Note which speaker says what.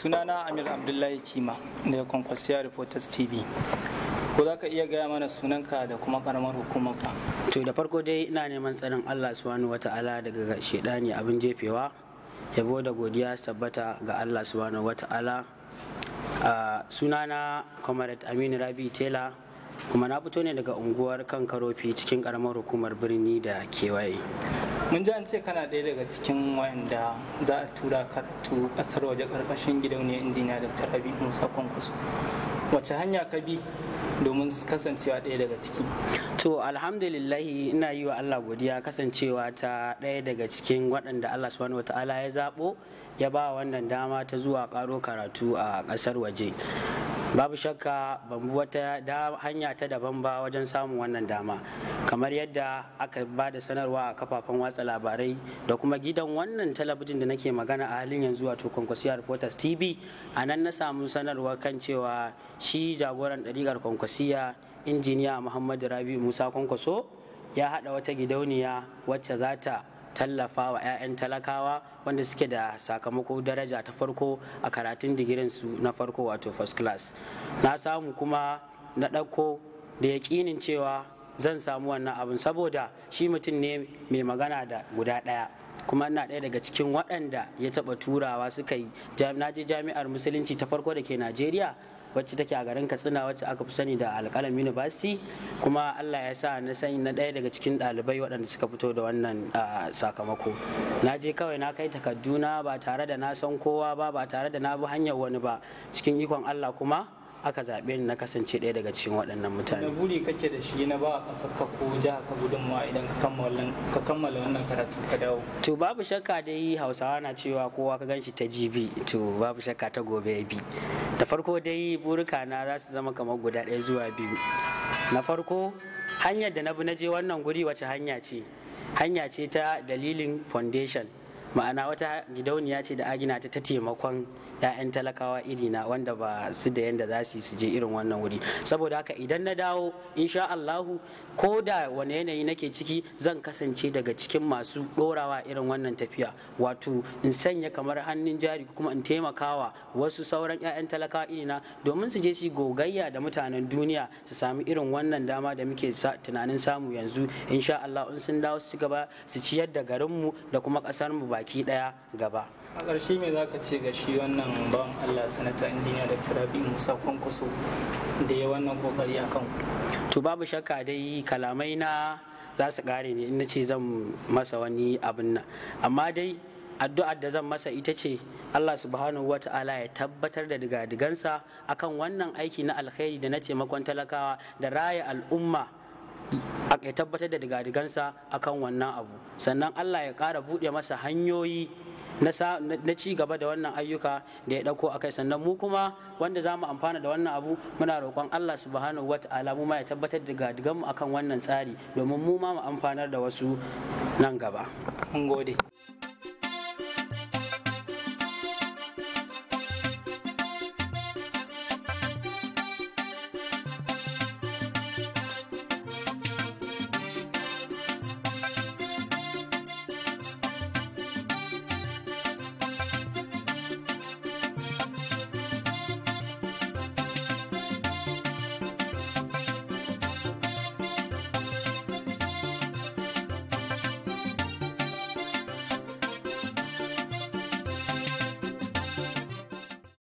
Speaker 1: sunana amir abdullahi kima daga kwankwasiya reporters tv ko za ka iya
Speaker 2: gaya mana sunanka da kuma karamar hukumarka to da farko dai ina neman tsarin allah subhanahu ala daga shaidani abin jefewa yabo da godiya tabbata ga allah subhanahu wata'ala uh, sunana comrade aminu rabi tela kuma na fito ne daga unguwar kan karofi cikin karamar hukumar birni da kewaye mun ji an ce kana ɗaya daga cikin wayanda za a tura karatu ƙasar waje ƙarƙashin gidauniyar injiniya dr rabi musa kwankwaso wace hanya ka bi domin kasancewa ɗaya daga ciki to alhamdulillahi ina yi wa allah godiya kasancewa ta ɗaya daga cikin waɗanda allah subhanahu ta'ala ya zaɓo ya ba wannan dama ta zuwa karo karatu a ƙasar waje babu shakka ban wata da hanya ta daban ba wajen samun wannan dama kamar yadda aka ba da sanarwa a kafafen watsa labarai da kuma gidan wannan talabijin da nake magana a halin yanzu wato kwankwasiya reporters tv a nan na samu sanarwa kan cewa shi jagoran ɗariƙar kwankwasiya injiniya muhammadu rabi musa kwankwaso ya haɗa wata gidauniya wacce za ta tallafa wa 'ya'yan talakawa wanda suke da sakamako daraja ta farko a karatun digirin su na farko wato first class na samu kuma na ɗauko da ya yaƙinin cewa zan samu wannan abin saboda shi mutum ne mai magana da guda ɗaya kuma ina ɗaya daga cikin waɗanda ya taɓa turawa suka yi na je jami'ar musulunci ta farko da ke najeriya wacce take a garin katsina wacce aka fi sani da alƙalam university kuma allah ya sa na sani na ɗaya daga cikin ɗalibai waɗanda suka fito da wannan sakamako na je kawai na kai takarduna ba tare da na san kowa ba ba tare da na bi hanyar wani ba cikin ikon allah kuma aka zaɓe ni na kasance ɗaya daga cikin waɗannan mutane.
Speaker 1: da buri kake da shi na ba a ka ko ja ka gudunmawa idan ka kammala
Speaker 2: wannan karatu ka dawo? To babu shakka dai Hausawa na cewa kowa ka ganshi ta jibi to babu shakka ta gobe ya bi. Da farko dai burika na za su zama kamar guda ɗaya zuwa biyu. Na farko hanyar da na bi na je wannan guri wace hanya ce? Hanya ce ta dalilin foundation ma'ana wata gidauniya ce da agina ta ta taimakon 'ya'yan talakawa irina wanda ba su da yadda za su su je irin wannan wuri saboda haka idan na dawo insha Allahu ko da wani yanayi nake ciki zan kasance daga cikin masu ɗorawa irin wannan tafiya wato in sanya kamar hannun jari kuma in taimakawa wasu sauran 'ya'yan talakawa irina domin su je su gogayya da mutanen duniya su sami irin wannan dama da muke tunanin samu yanzu insha Allah in sun dawo su gaba su ciyar da garinmu da kuma ƙasarmu ba baki daya gaba
Speaker 1: a ƙarshe me za ka ce ga shi wannan ban allah sanata injiniya da rabi musa kwankwaso da ya wannan kokari a
Speaker 2: kan to babu shakka dai kalamai na za su kare ne ina ce zan masa wani abin nan amma dai addu'ar da zan masa ita ce Allah subhanahu wa ta'ala ya tabbatar da digadigansa akan wannan aiki na alkhairi da na taimakon talakawa da raya al'umma ya tabbatar da digadigansa akan wannan abu sannan Allah ya kara buɗe masa hanyoyi na ci gaba da wannan ayyuka da ya ɗauko kai sannan mu kuma wanda za mu amfana da wannan abu muna roƙon Allah subhanahu wa ta'ala mu ma ya tabbatar da mu akan wannan tsari domin mu ma mu amfanar da wasu nan gaba. Mun gode.